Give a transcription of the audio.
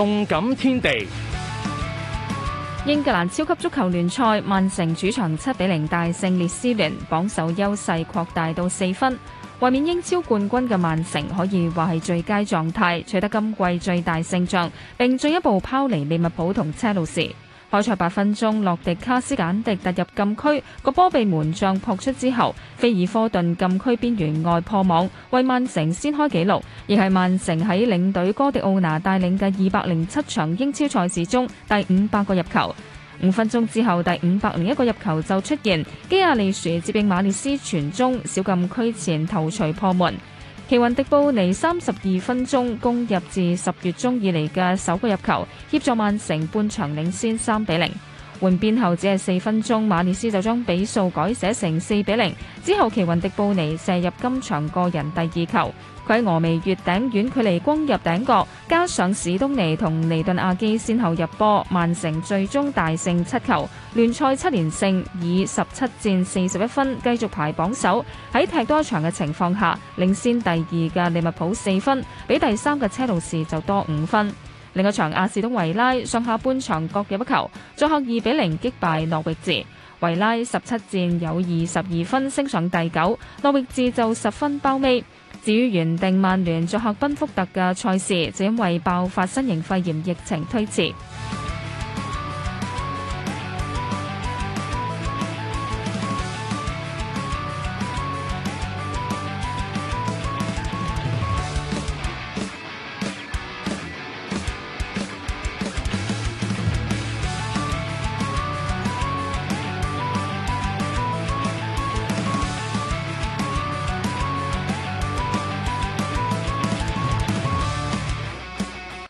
動感天地，英格蘭超級足球聯賽，曼城主場七比零大勝列斯聯，榜首優勢擴大到四分。衛冕英超冠軍嘅曼城可以話係最佳狀態，取得今季最大勝仗，並進一步拋離利物浦同車路士。開賽八分鐘，洛迪卡斯簡迪突入禁區，個波被門將撲出之後，菲爾科頓禁區邊緣外破網，為曼城先開紀錄，亦係曼城喺領隊哥迪奧拿帶領嘅二百零七場英超賽事中第五百個入球。五分鐘之後，第五百零一個入球就出現，基亞利殊接應馬列斯傳中，小禁區前頭槌破門。奇雲迪布尼三十二分鐘攻入自十月中以嚟嘅首個入球，協助曼城半場領先三比零。換邊後只係四分鐘，馬列斯就將比數改寫成四比零。之後，奇雲迪布尼射入今場個人第二球，佢喺俄眉月頂遠距離攻入頂角，加上史東尼同尼頓亞基先後入波，曼城最終大勝七球，聯賽七連勝，以十七戰四十一分繼續排榜首。喺踢多場嘅情況下，領先第二嘅利物浦四分，比第三嘅車路士就多五分。另一場，阿士東維拉上下半場各入一球，作客二比零擊敗諾域治。維拉十七戰有二十二分，升上第九；諾域治就十分包尾。至於原定曼聯作客賓福特嘅賽事，就因為爆發新型肺炎疫情推遲。